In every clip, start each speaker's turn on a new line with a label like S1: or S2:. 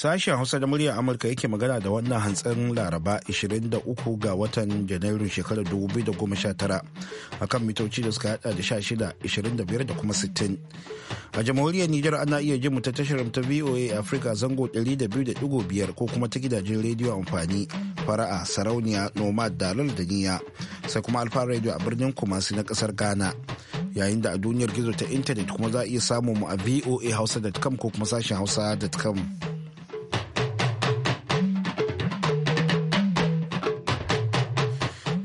S1: Sashen Hausa da muryar Amurka yake magana da wannan hantsin Laraba 23 ga watan Janairu shekarar 2019 akan mitoci da suka hada da 16, da kuma 60. A jamhuriyar Nijar ana iya jin mu ta tashar ta VOA Africa zango 200.5 ko kuma ta gidajen rediyo amfani fara'a sarauniya nomad dalal da niya sai kuma alfa radio a birnin kumasi na kasar Ghana. Yayin da a duniyar gizo ta intanet kuma za a iya samun mu a voa hausa.com ko kuma sashen hausa.com.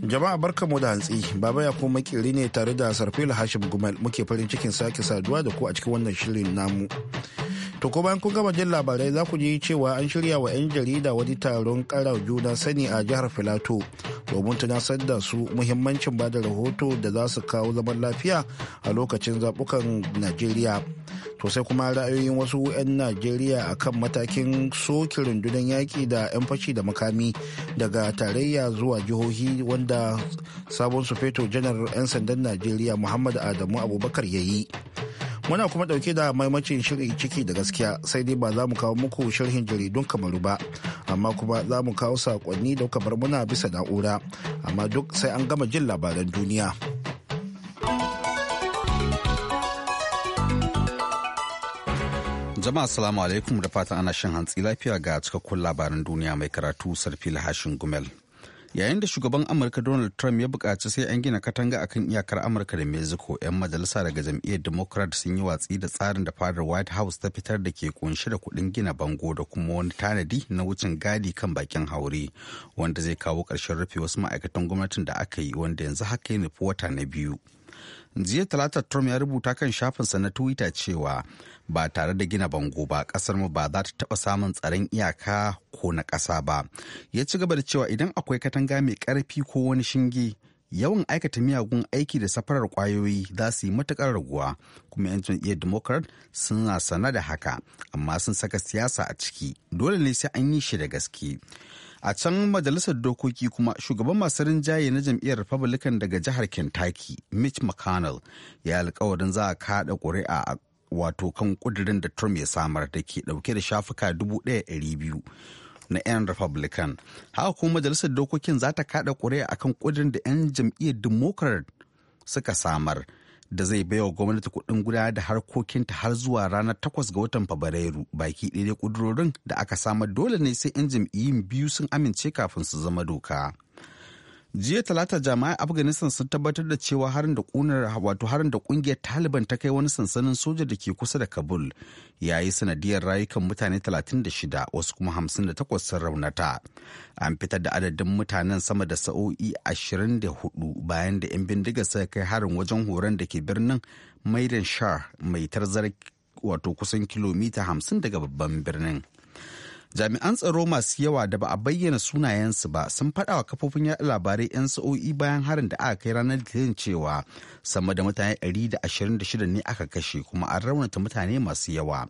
S1: Jama'a barka mu da hantsi, Baba ya kuma kiri ne tare da Sarfila Hashim Gumal muke farin cikin sake saduwa da ku a cikin wannan shirin namu. To ko bayan kun gama jin labarai za ku ji cewa an shirya wa 'yan jarida wani taron kara juna sani a jihar Filato domin tunasar da su muhimmancin bada rahoto da za su kawo zaman lafiya a lokacin zabukan Najeriya. To sai kuma ra'ayoyin wasu 'yan Najeriya a kan matakin soke rundunar yaki da 'yan fashi da makami daga tarayya zuwa jihohi wanda sabon su feto janar 'yan sandan Najeriya Muhammad Adamu Abubakar ya yi. Muna kuma dauke da maimacin shirin ciki da gaskiya sai dai ba za mu kawo muku sharhin jaridun kamaru ba, amma kuma za mu kawo sakonni da kuka bar muna bisa na'ura, amma duk sai an gama jin labaran duniya.
S2: Jama'a salamu alaikum da fatan ana shan hantsi lafiya ga cikakkun labaran duniya mai karatu sarfil hashin gumel. yayin da shugaban amurka donald trump ya buƙaci sai an gina katanga akan iyakar amurka da mexico 'yan majalisa daga jam'iyyar democrat sun yi watsi da tsarin da fadar white house ta fitar da ke kunshi da kuɗin gina bango da kuma wani tanadi na wucin gadi kan bakin haure wanda zai kawo ƙarshen rufe wasu ma'aikatan gwamnatin da aka yi wanda yanzu haka ya nufi wata na biyu jiya talata trump ya rubuta kan shafinsa na twitter cewa ba tare da gina bango ba kasar mu ba za ta taba samun tsaron iyaka ko na ƙasa ba ya ci gaba da cewa idan akwai katanga mai karfi ko wani shinge yawan aikata miyagun aiki da safarar kwayoyi za su yi matukar raguwa kuma 'yan jam'iyyar democrat suna sana da haka amma sun saka siyasa a ciki dole ne sai an yi shi da gaske a can majalisar dokoki kuma shugaban masu rinjaye na jam'iyyar republican daga jihar kentucky mitch mcconnell ya alkawarin za a kada ƙuri'a wato kan kudirin da trump ya samar da ke dauke da shafuka 1200 na 'yan republican haka kuma majalisar dokokin za ta kada ƙuri'a akan kudirin da 'yan jam'iyyar democrat suka samar da zai baiwa gwamnati kuɗin gudanar da harkokinta har zuwa ranar takwas ga watan Fabrairu baki ɗaya ƙudurorin da aka samar dole ne sai 'yan jam'iyyun biyu sun amince kafin su zama doka. jiya talata jami'ai afghanistan sun tabbatar da cewa harin da kunar wato harin da kungiyar taliban ta kai wani sansanin soja da ke kusa da kabul yayi sanadiyar rayukan mutane 36 wasu kuma 58 sun raunata an fitar da adadin mutanen sama da sa'o'i 24 bayan da 'yan bindiga suka kai harin wajen horon da ke birnin maidan shah mai tarzar wato kusan kilomita 50 daga babban birnin jami'an tsaro masu yawa da ba a bayyana sunayensu ba sun faɗa wa kafofin yaɗa labarai 'yan sa'o'i bayan harin da aka kai ranar litinin cewa sama da mutane 126 ne aka kashe kuma an raunata mutane masu yawa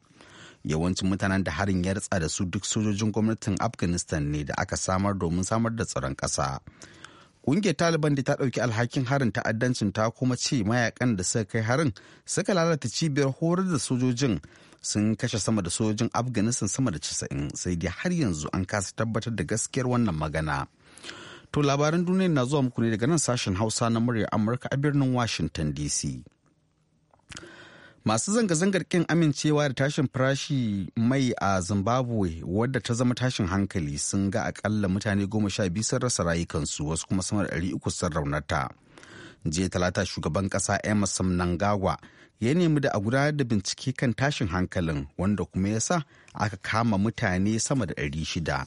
S2: yawancin mutanen da harin ya ritsa da su duk sojojin gwamnatin afghanistan ne da aka samar domin samar da tsaron ƙasa ƙungiyar taliban da ta ɗauki alhakin harin ta'addancin ta kuma ce mayakan da suka kai harin suka lalata cibiyar horar da sojojin sun kashe sama da sojojin afghanistan sama da 90 sai dai har yanzu an kasa tabbatar da gaskiyar wannan magana to labaran duniya na zuwa muku ne daga nan sashen hausa na muryar amurka a birnin washington dc masu zanga-zangar kin amincewa da tashin farashi mai a zimbabwe wadda ta zama tashin hankali sun ga akalla mutane goma sha biyu sun rasa rayukansu wasu kuma sama da ɗari uku sun raunata jiya talata shugaban kasa emerson nangawa ya nemi da a gudanar da bincike kan tashin hankalin wanda kuma ya sa aka kama mutane sama da 600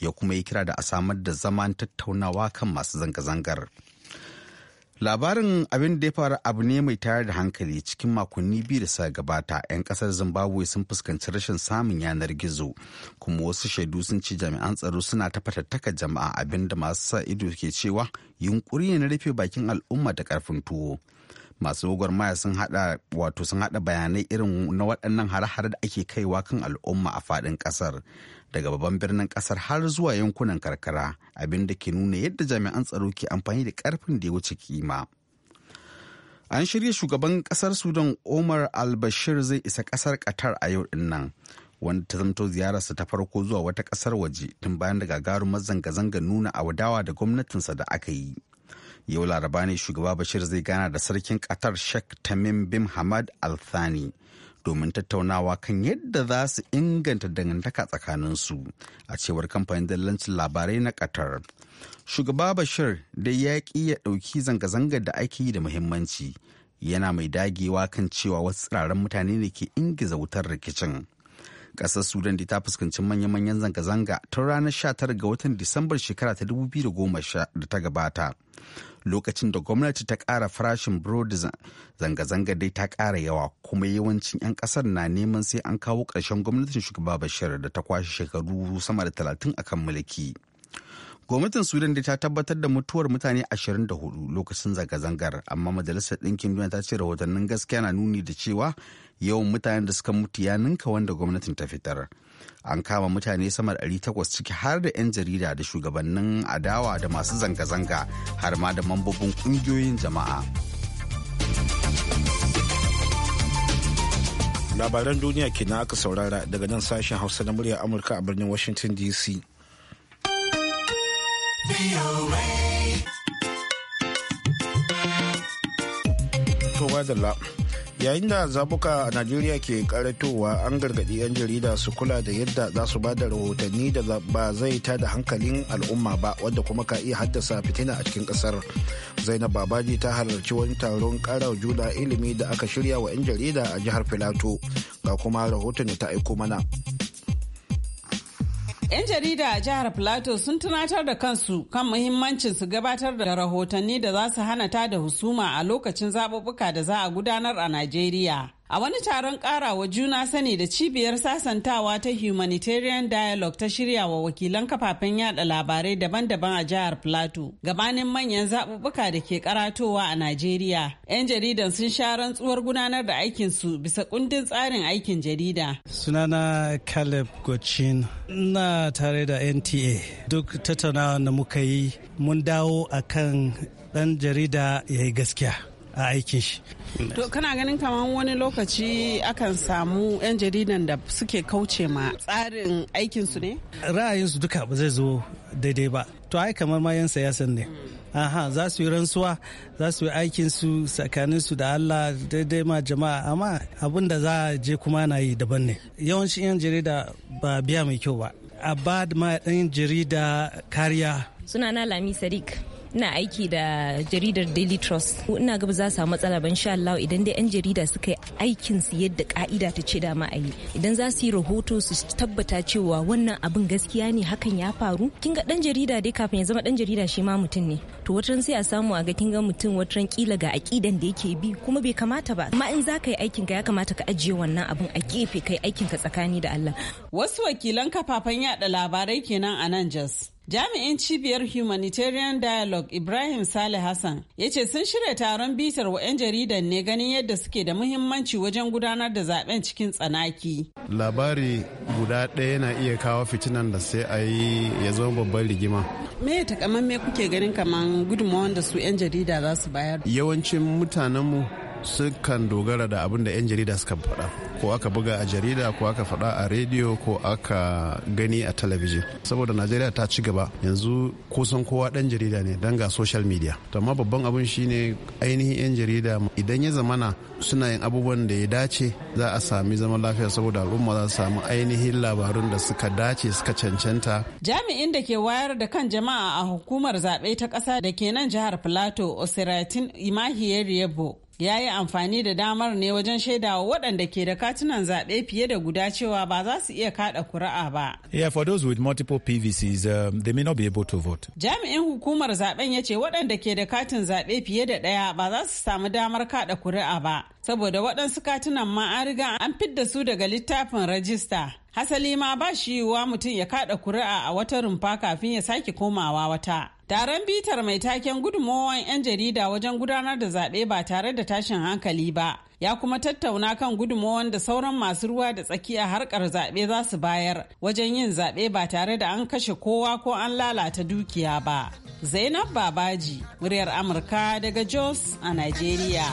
S2: ya kuma yi kira da a samar da zaman tattaunawa kan masu zanga-zangar. labarin abin da ya faru abu ne mai tayar da hankali cikin makonni biyu da suka gabata 'yan kasar zimbabwe sun fuskanci rashin samun yanar gizo kuma wasu shaidu sun ci jami'an tsaro suna ta fatattaka jama'a abin da masu sa ido ke cewa yunkuri ne na rufe bakin al'umma da karfin tuwo masu maya sun hada wato sun hada bayanai irin na waɗannan hare-hare da ake kaiwa kan al'umma a faɗin ƙasar daga babban birnin kasar har zuwa yankunan karkara abin da ke nuna yadda jami'an tsaro ke amfani da karfin da ya wuce kima an shirya shugaban kasar sudan omar al-bashir zai isa kasar qatar a yau din nan wanda ta zanto ziyararsa ta farko zuwa wata kasar waje tun bayan da gagarumar zanga-zanga nuna a wadawa da gwamnatinsa da aka yi yau laraba ne shugaba bashir zai gana da sarkin qatar sheikh tamim bin hamad al-thani domin tattaunawa kan yadda za su inganta dangantaka tsakaninsu a cewar kamfanin zallancin labarai na qatar shugaba bashir da ya ƙi ya ɗauki zanga-zangar da ake yi da muhimmanci yana mai dagewa kan cewa wasu tsiraran mutane ne ke ingiza wutar rikicin ƙasar sudan da ta fuskanci manya-manyan zanga-zanga tun ranar 19 ga watan disambar shekara ta 2010 da ta gabata lokacin da gwamnati ta ƙara farashin burodi zanga-zanga dai ta ƙara yawa kuma yawancin 'yan ƙasar na neman sai an kawo ƙarshen gwamnatin shugaba bashir da ta kwashe shekaru sama da talatin akan mulki gwamnatin sudan dai ta tabbatar da mutuwar mutane 24 lokacin zanga-zangar amma majalisar ɗinkin duniya ta ce rahotannin gaskiya na nuni da cewa yawan mutanen da suka mutu ya ninka wanda gwamnatin ta fitar an kama mutane sama da 800 ciki har da 'yan jarida da shugabannin adawa da masu zanga-zanga har ma da mambobin kungiyoyin jama'a. labaran duniya ke na aka saurara daga nan sashen hausa na murya
S1: amurka a birnin washington dc to yayin da zabuka a najeriya ke karatowa an gargadi 'yan jarida su kula da yadda za su ba da rahotanni da ba zai ta da hankalin al'umma ba wanda kuma ka iya haddasa fitina a cikin kasar zainab babaji ta halarci wani taron karar juna ilimi da aka shirya wa 'yan jarida a jihar filato ga kuma rahoton da ta aiko mana
S3: 'Yan jarida a jihar Plateau sun tunatar da kansu kan muhimmancin su gabatar da rahotanni da za su hana ta da husuma a lokacin zaɓuɓɓuka da za a gudanar a Najeriya. A wani taron karawa juna sani da cibiyar sasantawa ta Humanitarian Dialogue ta shirya wa wakilan kafafen yada labarai daban-daban a jihar Plateau gabanin manyan zaɓuɓɓuka da ke karatowa a Najeriya. 'Yan jaridan sun sha rantsuwar gudanar da aikin su bisa kundin tsarin aikin jarida. Sunana Caleb Gochin na tare da NTA duk tattaunawa da muka yi mun dawo akan ɗan jarida ya yi gaskiya. a aikin shi. To kana ganin kamar wani lokaci akan samu 'yan jaridan da suke kauce ma tsarin aikin su ne? Ra'ayinsu duka ba zai zo daidai ba. To ai kamar ma 'yan siyasan ne. Aha za su yi rantsuwa za su yi aikin su tsakanin su da Allah daidai ma jama'a amma abin da za a je kuma na yi daban ne. Yawancin 'yan jarida ba biya mai kyau ba. A ba ma 'yan jarida kariya.
S4: Suna na Lami Sadiq.
S3: ina aiki da jaridar daily trust ina gaba za samu matsala ban sha Allah idan dai 'yan jarida suka yi aikin su yadda ka'ida ta ce dama a yi idan za su yi rahoto su tabbata cewa wannan abin gaskiya ne hakan ya faru kin ga dan jarida dai kafin ya zama dan jarida shi ma mutum ne to watan sai a samu a ga kin ga mutum watan kila ga aqidan da yake bi kuma bai kamata ba amma in za ka yi aikin ka ya kamata ka ajiye wannan abin a gefe kai aikin ka tsakani da Allah wasu wakilan kafafen yaɗa labarai kenan a nan Jos Jami'in cibiyar Humanitarian Dialogue Ibrahim Saleh Hassan ya ce sun shirya taron bitar wa 'yan jaridan ne ganin yadda suke da muhimmanci wajen gudanar da zaben cikin tsanaki.
S2: Labari guda ɗaya na iya kawo fitinan da sai a yi ya zama babban rigima.
S3: Me takamamme kuke ganin kamar gudunmawar da su 'yan jarida za su bayar?
S2: Yawancin mutanenmu sukan dogara da abin da 'yan jarida suka faɗa ko aka buga a jarida ko aka faɗa a rediyo ko aka gani a talabijin saboda najeriya ta ci gaba yanzu kusan kowa ɗan jarida ne don ga social media amma babban abin shine ainihin 'yan jarida idan ya zamana suna yin abubuwan da ya dace za a sami zaman lafiya saboda al'umma za su samu ainihin labarun da suka dace suka cancanta
S3: jami'in da ke wayar da kan jama'a a hukumar zaɓe ta ƙasa da ke nan jihar plateau osiratin imahiyar yabo ya yi amfani da damar ne wajen shaidawa waɗanda ke da katunan zaɓe fiye da guda cewa ba za su iya kaɗa kuri'a ba. Yeah, Jami'in hukumar zaben ya ce waɗanda ke da katin zaɓe fiye da ɗaya ba za su samu damar kaɗa kuri'a ba, saboda waɗansu katunan ma an riga an fidda su daga littafin rajista. Hasali ma ba shi yiwuwa mutum ya kaɗa kuri'a a wata rumfa kafin ya sake komawa wata. Taron bitar mai taken gudummawan 'yan jarida wajen gudanar da zaɓe ba tare da tashin hankali ba. Ya kuma tattauna kan gudumawan da sauran masu ruwa da tsakiya harkar zaɓe za su bayar wajen yin zaɓe ba tare da an kashe kowa ko an lalata dukiya ba. Zainab Babaji, muryar Amurka daga Jos a Najeriya.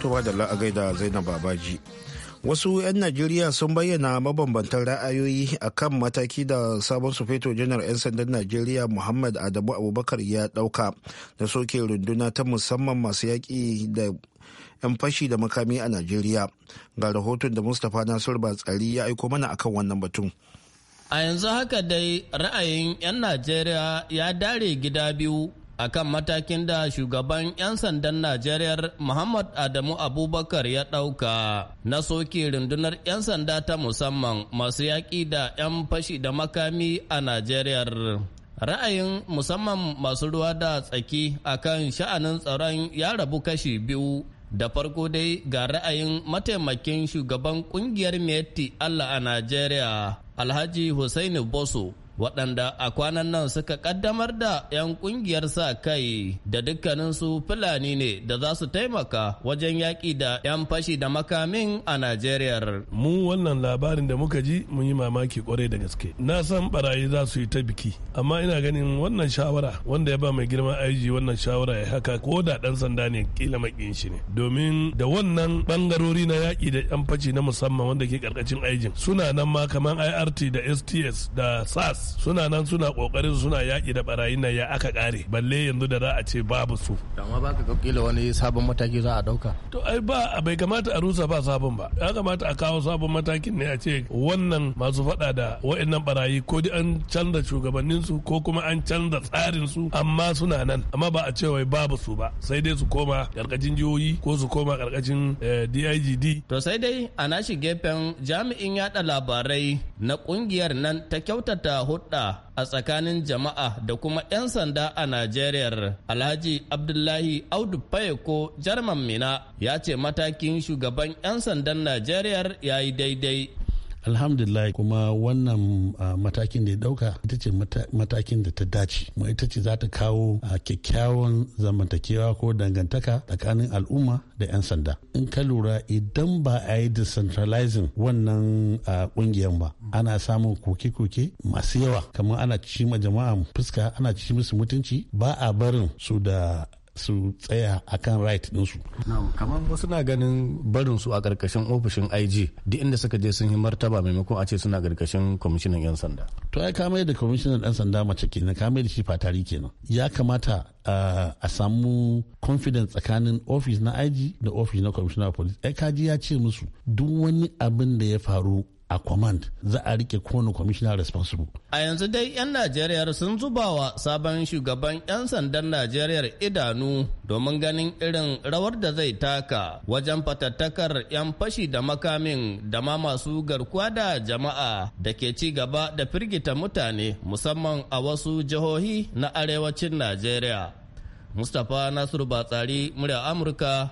S1: Tuba da la'agai da Zainab Babaji. wasu 'yan najeriya sun bayyana mabambantan ra'ayoyi a kan mataki da sabon sufeto janar 'yan sandan najeriya muhammad adamu abubakar ya dauka da soke runduna ta musamman masu yaƙi da 'yan fashi da makami a najeriya ga rahoton da mustapha nasiru batsari ya aiko mana akan wannan batun
S5: a yanzu haka dai ra'ayin 'yan najeriya ya dare gida biyu akan matakin da shugaban 'yan sandan Najeriya Muhammad Adamu Abubakar ya ɗauka na soke rundunar 'yan sanda ta musamman masu yaƙi da 'yan fashi da makami a Najeriya. Ra'ayin musamman masu ruwa da tsaki akan sha'anin tsaron ya rabu kashi biyu da farko dai ga ra'ayin mataimakin shugaban kungiyar Meti Allah a Najeriya Alhaji Hussaini Boso waɗanda a kwanan nan suka ƙaddamar da 'yan ƙungiyar sa kai da dukkanin su fulani ne da za su taimaka wajen yaƙi da 'yan fashi da makamin a Najeriya. Mu wannan labarin da muka ji mun yi mamaki kwarai da gaske. Na san barayi za su yi ta biki, amma ina ganin wannan shawara wanda ya ba mai girman aiji wannan shawara ya haka ko da ɗan sanda ne kila makin shi ne. Domin da wannan bangarori na yaƙi da 'yan fashi na musamman wanda ke ƙarƙashin aijin suna nan ma kamar IRT da STS da SAS suna nan suna kokarin suna yaƙi da barayin nan ya aka kare balle yanzu da za a ce babu su amma ba ka kila wani sabon mataki za a dauka to ai ba bai kamata a rusa ba sabon ba ya kamata a kawo sabon matakin ne a ce wannan masu faɗa da waɗannan barayi ko dai an canza shugabannin su ko kuma an canza tsarin su amma suna nan amma ba a ce wai babu su ba sai dai su koma karkashin jihohi ko su koma karkashin DIGD eh, to sai dai a nashi gefen jami'in yaɗa labarai na ƙungiyar nan ta kyautata hulɗa a tsakanin jama'a da kuma 'yan sanda a Najeriya. Alhaji Abdullahi Audu Fayeko Jarman Mina ya ce matakin shugaban 'yan sandan Najeriya ya yi daidai alhamdulillah kuma wannan matakin da ya dauka ita ce matakin da ta dace kuma ita ce za ta kawo kyakkyawan zamantakewa ko dangantaka tsakanin
S2: al'umma da 'yan sanda in ka lura idan ba a yi decentralizing wannan kungiyan ba ana samun koke-koke masu yawa kamar ana ci ma jama'a fuska
S5: ana ci musu mutunci ba a barin su da su tsaya a kan right ɗinsu. kamar wasu na ganin barin su a ƙarƙashin ofishin IG duk inda suka je sun yi martaba maimakon a ce suna ƙarƙashin kwamishinan 'yan sanda. To ai kamar yadda kwamishinan 'yan sanda mace kenan kamar yadda shi fatari kenan. Ya kamata a samu confidence tsakanin ofis na IG da ofis na kwamishinan police. Ai kaji ya ce musu duk wani abin da ya faru a command za a rike kowane commissioner responsible. A yanzu dai 'yan Najeriya sun zuba wa sabon shugaban 'yan sandan Najeriya idanu domin ganin irin rawar da zai taka wajen fatattakar 'yan fashi da makamin da ma masu garkuwa da jama'a da ke ci gaba da firgita mutane musamman a wasu jihohi na arewacin Najeriya. Mustapha Nasiru Batsari, murya Amurka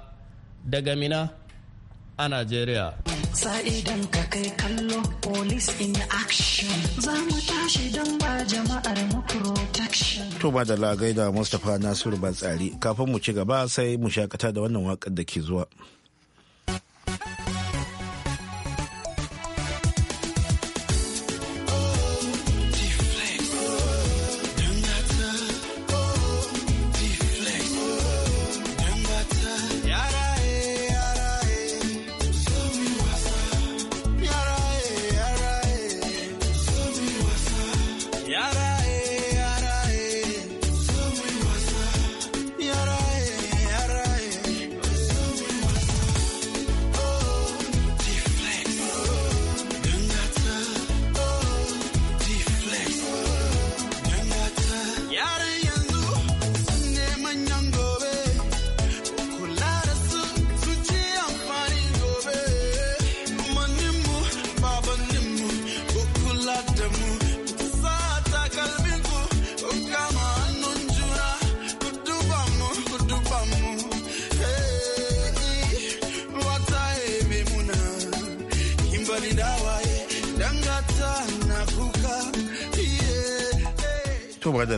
S5: daga Mina. a Najeriya.
S3: Sa'idan ka kai kallo police in action za mu tashi don ba jama'ar mu protection.
S1: To ba da lagaida Mustapha Nasiru Batsari kafin mu ci gaba sai mu shakata da wannan wakar da ke zuwa.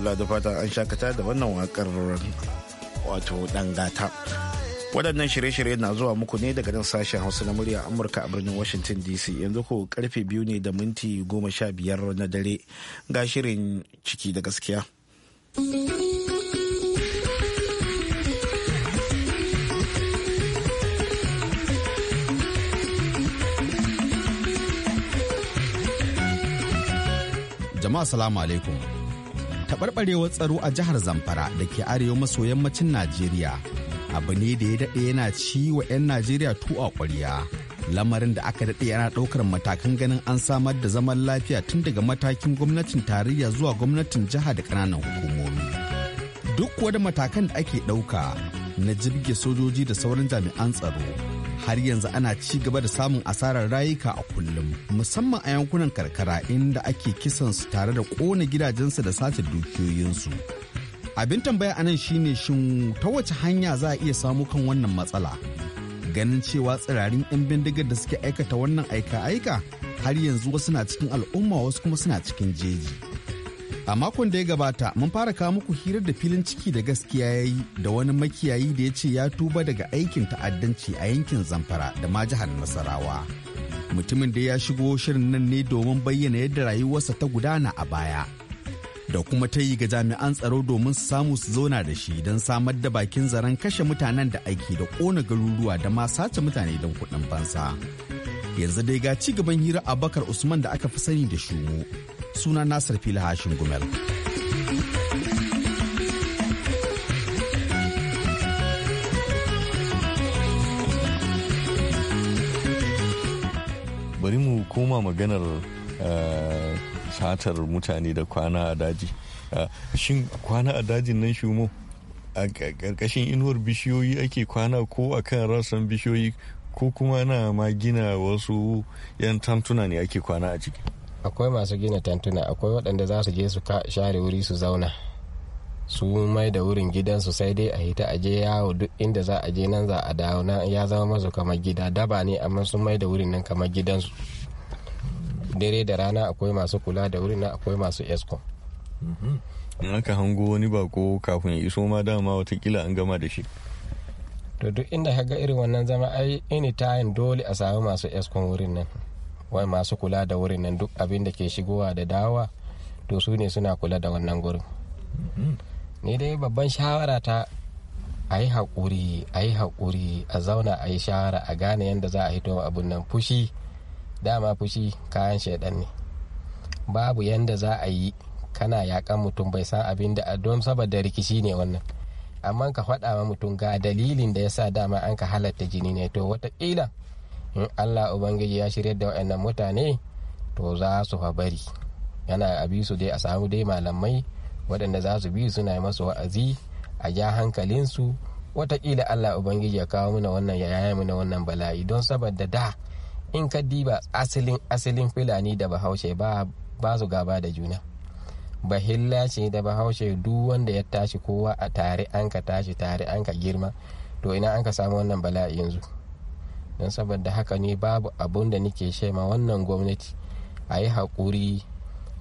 S1: Allah da fata an shakata da wannan wakar wato dangata. Waɗannan shirye-shirye na zuwa muku ne daga nan sashen Hausa na murya Amurka a birnin Washington DC yanzu ko karfe biyu ne da minti goma sha biyar na dare ga shirin ciki da gaskiya.
S2: jama'a salamu alaikum taɓarɓarewar tsaro a jihar zamfara da ke arewa maso yammacin najeriya abu ne da ya daɗe yana ci wa 'yan najeriya tuwa ƙwarya lamarin da aka daɗe yana ɗaukar matakan ganin an samar da zaman lafiya tun daga matakin gwamnatin tarayya zuwa gwamnatin jiha da ƙananan hukumomi duk kuwa matakan da ake ɗauka na jibge sojoji da sauran jami'an tsaro har yanzu ana ci gaba da samun asarar rayuka a kullum musamman a yankunan karkara inda ake kisan su tare da kona gidajensu da sace dukiyoyinsu abin tambaya nan shine shin ta wace hanya za a iya samu kan wannan matsala ganin cewa tsirarin 'yan bindigar da suke aikata wannan aika-aika har yanzu wasu na cikin al'umma wasu kuma suna cikin jeji A makon da ya gabata mun fara kawo muku hirar da filin ciki da gaskiya ya yi da wani makiyayi da ya ce ya tuba daga aikin ta'addanci a yankin Zamfara da ma jihar Nasarawa. Mutumin da ya shigo shirin nan ne domin bayyana yadda rayuwarsa ta gudana a baya. Da kuma ta yi ga jami'an tsaro domin su samu su zauna da shi don samar da bakin zaren kashe mutanen da aiki da kona garuruwa da ma sace mutane don kuɗin fansa. Yanzu dai ga ci gaban hira Abakar Usman da aka fi sani da Shumo. suna Nasir Fili Hashin Gumel.
S4: Bari mu koma maganar eh, satar mutane da kwana a daji. Eh, shin kwana a dajin nan shumo a ƙarƙashin inuwar bishiyoyi ake kwana ko a kan rassan bishiyoyi ko kuma na ma gina wasu 'yan tantuna ne ake kwana a ciki.
S6: akwai masu gina tantuna akwai waɗanda za su je su share wuri su zauna su mai da wurin gidansu sai dai a hita aje yawo duk inda za a je nan za a dawo nan ya zama masu kamar gida daba ne amma sun mai da wurin nan kamar gidansu dare da rana akwai masu kula da wurin nan akwai masu esko.
S4: Mm-hmm. in aka hango wani bako kafin ya iso ma dama watakila an gama da shi
S6: to duk inda ka ga irin wannan zama ai anytime dole a samu masu escom wurin nan wai masu kula da wurin nan duk abin da ke shigowa da dawa to su ne suna kula da wannan gurin ni dai babban shawara ta a yi haƙuri a yi haƙuri a zauna a yi shawara a gane yadda za a hito abun nan fushi dama fushi kayan shaidan ne babu yadda za a yi kana yakan mutum bai san abin da don saboda rikici ne wannan amma ka faɗa ma mutum ga dalilin da ya sa dama an ka halatta jini ne to wataƙila in allah ubangiji ya shirya da waɗannan mutane to za su fa yana a bi su dai a samu dai malamai waɗanda za su bi suna masu wa'azi a ja hankalinsu watakila allah ubangiji ya kawo mana wannan ya yaya mana wannan bala'i don saboda da in ka diba asalin asalin fulani da bahaushe ba su gaba da juna bahilla ce da bahaushe duk wanda ya tashi kowa a tare an ka tashi tare an ka girma to ina an ka samu wannan bala'i yanzu don saboda haka ne babu abun da nake ma wannan gwamnati a yi haƙuri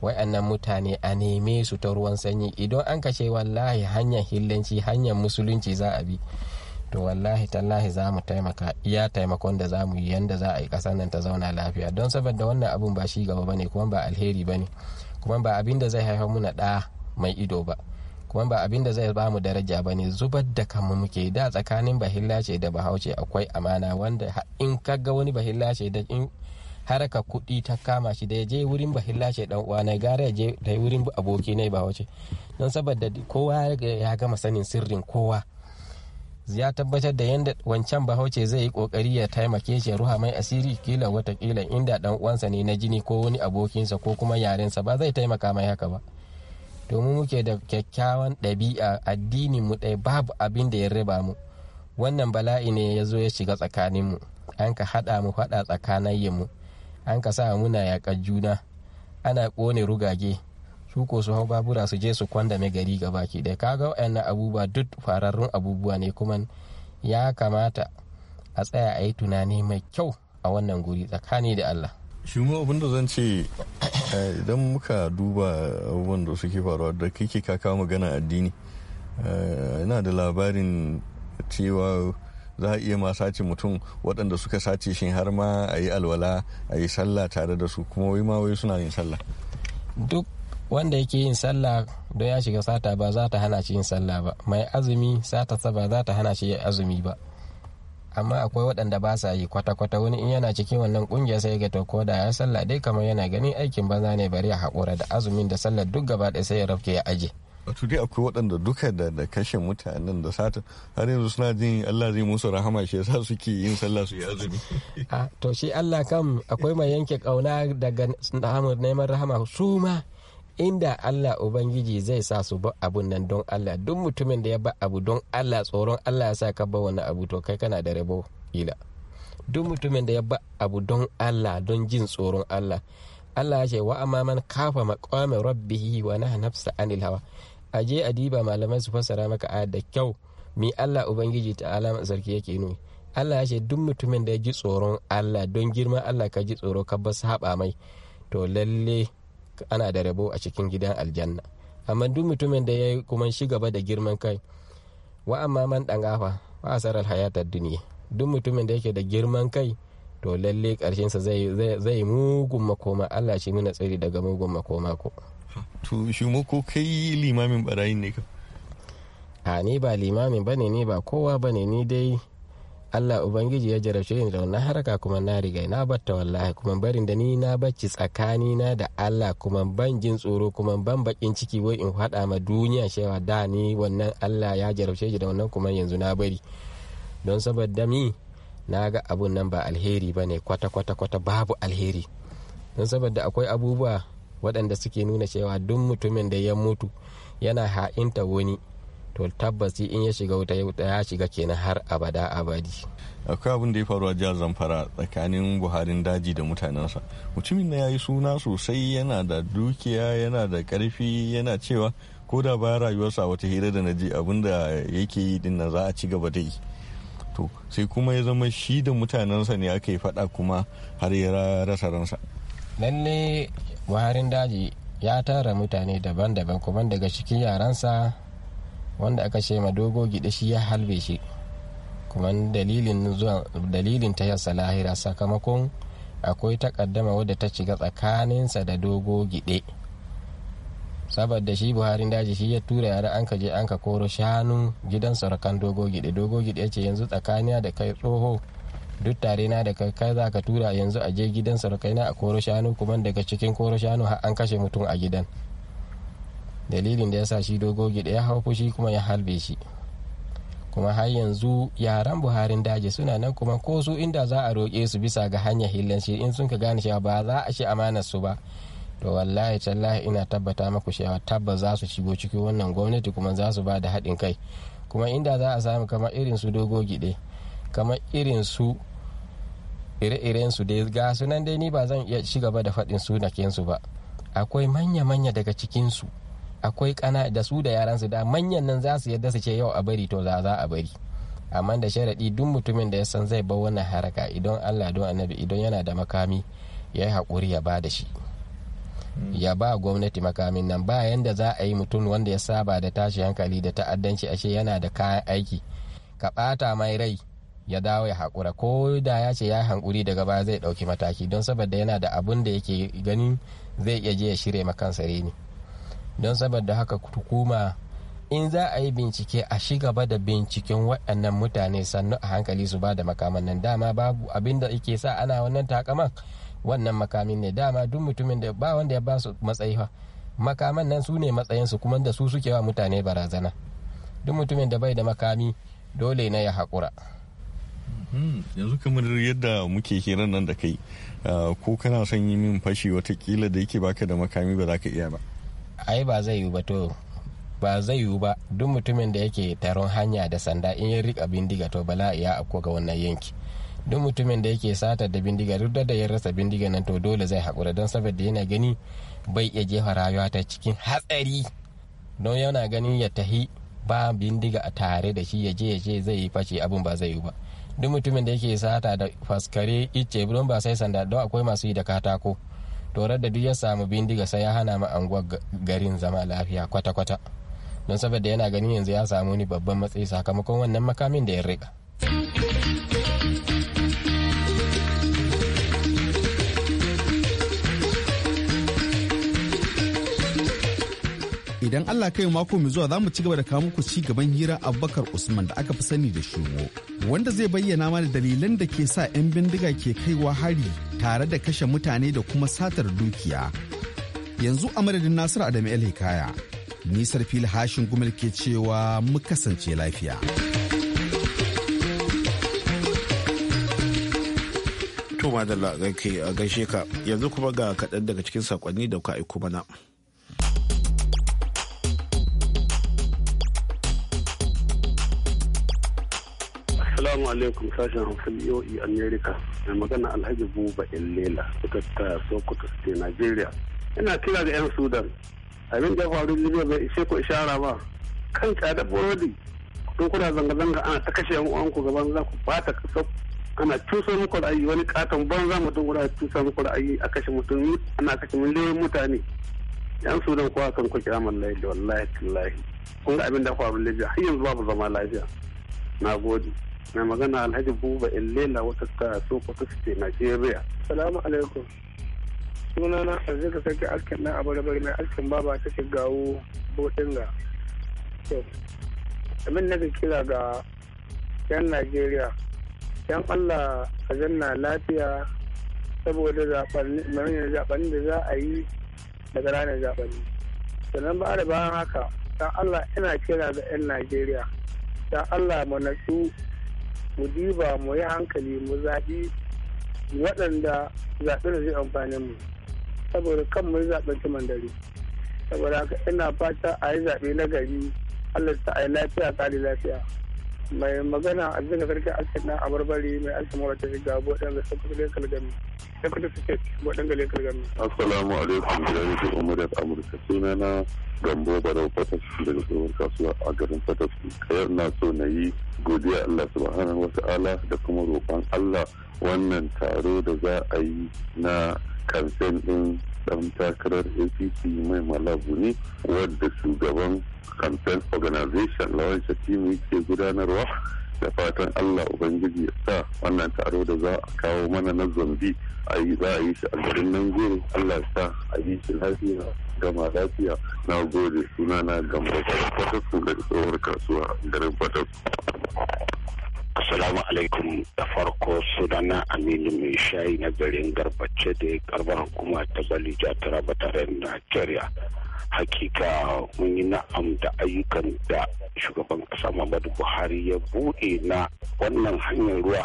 S6: wa'annan mutane a neme su ta ruwan sanyi idan an kashe wallahi hanyar hillanci hanyar musulunci za a bi to wallahi tallahi za mu taimaka iya taimakon da za mu yi yanda za a yi ƙasar nan ta zauna lafiya don saboda wannan abun ba shi gaba ba ne kuma ba alheri ba ne kuma ba abin da zai haifar muna ɗa mai ido ba kuma ba abin da zai bamu daraja ba ne zubar da kanmu muke da tsakanin bahilla ce da bahauce akwai amana wanda in ga wani bahilla ce da in haraka kuɗi ta kama shi da ya je wurin bahilla ce dan uwa na gara ya je da wurin aboki ne bahauce don saboda kowa ya gama sanin sirrin kowa ya tabbatar da yadda wancan bahauce zai yi kokari ya taimake shi ya ruha mai asiri kila watakila inda dan uwansa ne na jini ko wani abokinsa ko kuma yarensa ba zai taimaka mai haka ba domin muke da kyakkyawan ɗabi'a addini mu ɗaya babu abin da ya raba mu wannan bala'i ne ya zo ya shiga tsakaninmu an ka haɗa mu faɗa mu an ka sa muna yaƙar juna ana ƙone rugage su ko su hau babura su je su kwanda kwandame gari gaba ki da kaga wa'annan abubuwa duk fararrun abubuwa ne kuma ya kamata a tsaya a yi tunani mai kyau a wannan guri tsakani da allah
S4: shi mu abin da zan ce eh, idan muka duba abubuwan da suke faruwa da kake kawo magana addini yana eh, da labarin cewa za a iya ma sace mutum waɗanda suka sace shi har ma a yi alwala a yi sallah tare da su kuma wai ma wai suna yin sallah
S6: duk wanda yake yin sallah don ya shiga sata ba za ta hana shi yin sallah ba mai azumi sata ba za ta hana shi azumi ba amma akwai waɗanda ba sa yi kwata-kwata wani in yana cikin wannan kungiya sai ga to ko da ya sallah dai kamar yana ganin aikin banza ne bari a haƙura da azumin da sallar duk gaba ɗaya sai ya rafke ya aje
S4: wato dai akwai waɗanda duka da da kashe mutanen da sata har yanzu suna jin Allah zai musu rahama shi yasa suke yin sallah su yi azumi
S6: to shi Allah kam akwai mai yanke kauna daga neman rahama su ma inda Allah Ubangiji zai sa su ba abun nan don Allah duk mutumin da ya ba abu don Allah tsoron Allah ya sa ka ba wani abu to kai kana da rabo ila duk mutumin da ya ba abu don Allah don jin tsoron Allah Allah ya ce wa amma man kafa maqama rabbihi wa naha nafsa anil hawa aje adiba malamai su fassara maka ayat da kyau mi Allah ubangiji ta alama sarki yake nuni Allah ya ce duk mutumin da ya ji tsoron Allah don girman Allah ka ji tsoro ka ba saba mai to lalle ana da rabo a cikin gidan aljanna amma duk mutumin da ya yi kuma shi gaba da girman kai wa amma man dan gafa wa asarar hayatar duniya duk mutumin da yake da girman kai to lalle sa zai mugun makoma Allah shi muna tsari daga mugun makoma ko
S4: to shi ko kai limamin barayin
S6: ne ka a ni ba limamin bane ni ba kowa bane ni dai Allah Ubangiji ya jarabce ni da wannan haraka kuma na riga na batta wallahi kuma barin da ni na bacci tsakani na da Allah kuma ban jin tsoro kuma ban bakin ciki wai in fada ma duniya cewa da ni wannan Allah ya jarabce shi da wannan kuma yanzu na bari don saboda mi na ga abun nan ba alheri ba ne kwata kwata kwata babu alheri don saboda akwai abubuwa waɗanda suke nuna cewa duk mutumin da ya mutu yana ha'inta wani to tabbas in ya shiga wuta ya shiga kenan har abada abadi
S4: akwai abin da ya faru a jihar zamfara tsakanin buharin daji da mutanensa mutumin na ya yi suna sosai yana da dukiya yana da karfi yana cewa ko da baya rayuwarsa wata hira da naji abin da yake yi din nan za a ci gaba da yi to sai kuma ya zama shi da mutanensa ne aka yi fada kuma har ya rasa ransa
S6: lalle buharin daji ya tara mutane daban-daban kuma daga cikin yaransa wanda aka ce ma dogo gida shi ya halbe shi kuma dalilin zuwa ta yasa lahira sakamakon akwai takaddama wadda ta shiga tsakaninsa da dogo gide saboda shi buharin daji shi ya tura yara an ka je an ka koro shanun gidan sarakan dogo gide dogo gide ya ce yanzu tsakaniya da kai tsoho duk tare na da kai kai za ka tura yanzu a je gidan sarakai a koro shanu kuma daga cikin koro shanu har an kashe mutum a gidan dalilin da ya sa shi dogogi gida ya hau fushi kuma ya halbe shi kuma har yanzu yaran buharin daji suna nan kuma ko su inda za a roƙe su bisa ga hanyar hillan shi in sun ka gane cewa ba za a ci amanar su ba to wallahi tallahi ina tabbata maku cewa tabbas za su shigo cikin wannan gwamnati kuma za su ba da haɗin kai kuma inda za a samu kamar irin su dogogi ɗe kamar irin su ire-iren su dai ga sunan dai ni ba zan iya ci gaba da faɗin sunakensu ba akwai manya-manya daga cikinsu su akwai kana da su da yaran su da manyan nan za su yadda su ce yau a bari to za a bari amma da sharaɗi duk mutumin da ya san zai bar wannan haraka idan Allah don annabi idan yana da makami ya yi haƙuri ya ba da shi hmm. ya ba gwamnati makamin nan ba yanda za a yi mutum wanda ya saba da tashi hankali da ta'addanci ashe yana da kayan aiki ka ɓata mai rai ya dawo ya haƙura ko da ya ce ya hankuri daga baya zai ɗauki mataki don saboda yana da abun da yake ganin zai iya je ya shirya makansa reni. ne don saboda haka hukuma in za a yi bincike a shi gaba da binciken waɗannan mutane sannu a hankali su ba da makaman nan dama babu abin da ike sa ana wannan takaman wannan makamin ne dama duk mutumin da ba wanda ya ba su matsayi makaman nan su ne matsayinsu kuma da su suke wa mutane barazana duk mutumin da bai da makami dole ne ya haƙura
S4: hmm, yanzu kamar yadda muke hirar nan da kai ah, ko kana son yi min fashi watakila da yake baka da makami ba za ka iya ba
S6: ai ba zai yiwu ba to ba zai yiwu ba duk mutumin da yake taron hanya da sanda in ya rika bindiga to bala ya afko ga wannan yanki duk mutumin da yake sata da bindiga duk da ya rasa bindiga nan to dole zai hakura don saboda yana gani bai iya jefa rayuwa ta cikin hatsari don yana ganin ya tahi ba bindiga a tare da shi ya je ya je zai yi face abin ba zai yi ba duk mutumin da yake sata da faskare icce don ba sai sanda don akwai masu yi da katako torar da duk ya samu bindiga sai ya hana ma anguwar garin zama lafiya kwata-kwata don saboda yana ganin yanzu ya samu ni babban matsayi sakamakon wannan makamin da ya rika.
S2: idan Allah kai mako mai zuwa za mu ci gaba da kawo muku ci gaban hira Abubakar Usman da aka fi sani da Shugo wanda zai bayyana mana dalilan da ke sa 'yan bindiga ke kaiwa hari tare da kashe mutane da kuma satar dukiya. Yanzu a madadin Nasiru Adamu El Hikaya, nisar fili hashin gumel ke cewa mu kasance lafiya.
S1: To madalla gaishe ka yanzu kuma ga kaɗan daga cikin saƙonni da ka aiko mana. Assalamu alaikum sashen Hausan e e America mai magana Alhaji Buba Illela ta Sokoto State Nigeria. Ina kira da 'yan Sudan abin da faru Libya bai ishe ku ishara ba kan da burodi kun kuna zanga-zanga ana ta kashe yan uwanku gaban za ku bata kasa ana cusa muku ra'ayi wani katon banza mutum guda cusa muku ra'ayi a kashe mutum ana kashe miliyoyin mutane yan Sudan kuwa kan ku kira mallahi da wallahi tallahi kun ga abin da faru Libya har yanzu babu zama lafiya na gode. mai magana alhaji buba illela wata ta sokoto state nigeria salamu alaikum suna na arzika sarki askin na abarbar mai askin baba ta gawo shigawo bodinga abin na kira ga yan nigeria. yan allah a zanna lafiya saboda zaɓen da za a yi daga ranar zaɓen sannan ba da bayan haka ta allah ina kira ga yan najeriya ya allah mu natsu mu diba mu yi hankali mu zaɓi waɗanda zaɓi da zai amfani mu
S5: saboda kan mu zaɓen tuman dare saboda haka ina fata a yi zaɓe na gari allah ta yi lafiya tsari lafiya mai magana a zika karkar askin na abarbari mai askin ta shiga abuwa ɗan da sun kalgami Sokoto State waɗanda
S4: Assalamu alaikum da umarar Amurka suna na Gambo Barau Fatasu daga tsohon kasuwa a garin Fatasu. Kayar na so na yi godiya Allah subhanahu wa ta'ala da kuma roƙon Allah wannan taro da za a yi na kamfen ɗin ɗan takarar APC mai malabu ne wadda shugaban kamfen organization lawan Shatimi ke gudanarwa da fatan allah ubangiji ya sa wannan taro da za a kawo mana na zambi a yi za a yi shi a garin nan gurin allah ya sa a yi shi lafiya gama lafiya na gode suna na gamba fatakun da tsohuwar kasuwa garin fatakun Assalamu alaikum da
S1: farko sunana Aminu mai shayi na garin garbace da karba hukuma ta Bali Jatara ba tare da Najeriya. Hakika mun yi na'am da ayyukan da shugaban kasa Muhammadu Buhari ya buɗe na wannan hanyar ruwa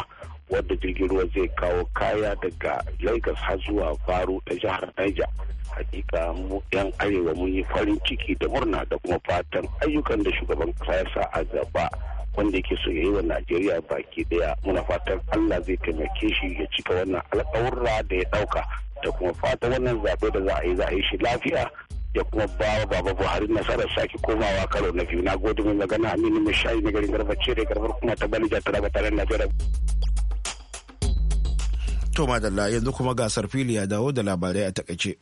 S1: wadda jirgin ruwa zai kawo kaya daga Lagos har zuwa Faru da jihar Niger. hakika mu yan arewa mun yi farin ciki da murna da kuma fatan ayyukan da shugaban kasa ya sa a gaba wanda yake so ya yi wa Najeriya baki daya muna fatan Allah zai taimake shi ya cika wannan alƙawurra da ya dauka da kuma fata wannan zaɓe da za a yi za a yi shi lafiya ya kuma ba baba Buhari nasarar sake komawa karo na biyu na gode mai magana Aminu Mishayi na garin ce da garbar kuma ta Balija ta raba tare Najeriya. To madalla yanzu kuma gasar fili ya dawo da labarai a takaice.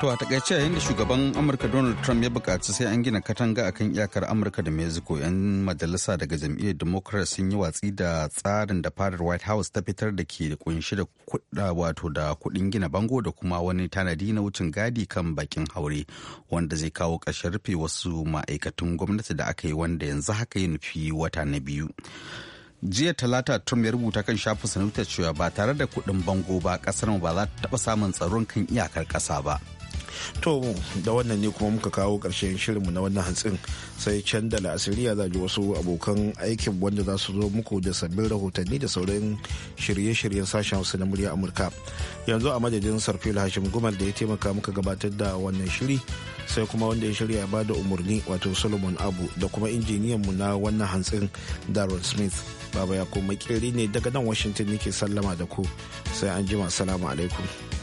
S2: To a takaice yayin da shugaban Amurka Donald Trump ya bukaci sai an gina katanga a kan iyakar Amurka da Mexico 'yan majalisa daga jam'iyyar Democrat sun yi watsi da tsarin da fadar White House ta fitar da ke kunshi da kuɗa wato da kuɗin gina bango da kuma wani tanadi na wucin gadi kan bakin haure wanda zai kawo ƙarshen rufe wasu ma'aikatan gwamnati da aka yi wanda yanzu haka ya nufi wata na biyu. jiya talata trump ya rubuta kan shafin sanarwar cewa ba tare da kuɗin bango ba ƙasar ba za ta taɓa samun tsaron kan iyakar ƙasa ba to da wannan ne kuma muka kawo ƙarshen shirinmu na wannan hantsin sai can da la'asiriya za ji wasu
S1: abokan aikin wanda za su zo muku da sabbin rahotanni da sauran shirye-shiryen sashen hausa na murya amurka yanzu a madadin sarfil hashim gumal da ya taimaka muka gabatar da wannan shiri sai kuma wanda ya shirya ba da umarni wato solomon abu da kuma injiniyan mu na wannan hantsin darren smith baba ya kuma ne daga nan washington nake sallama da ku sai an jima salamu alaikum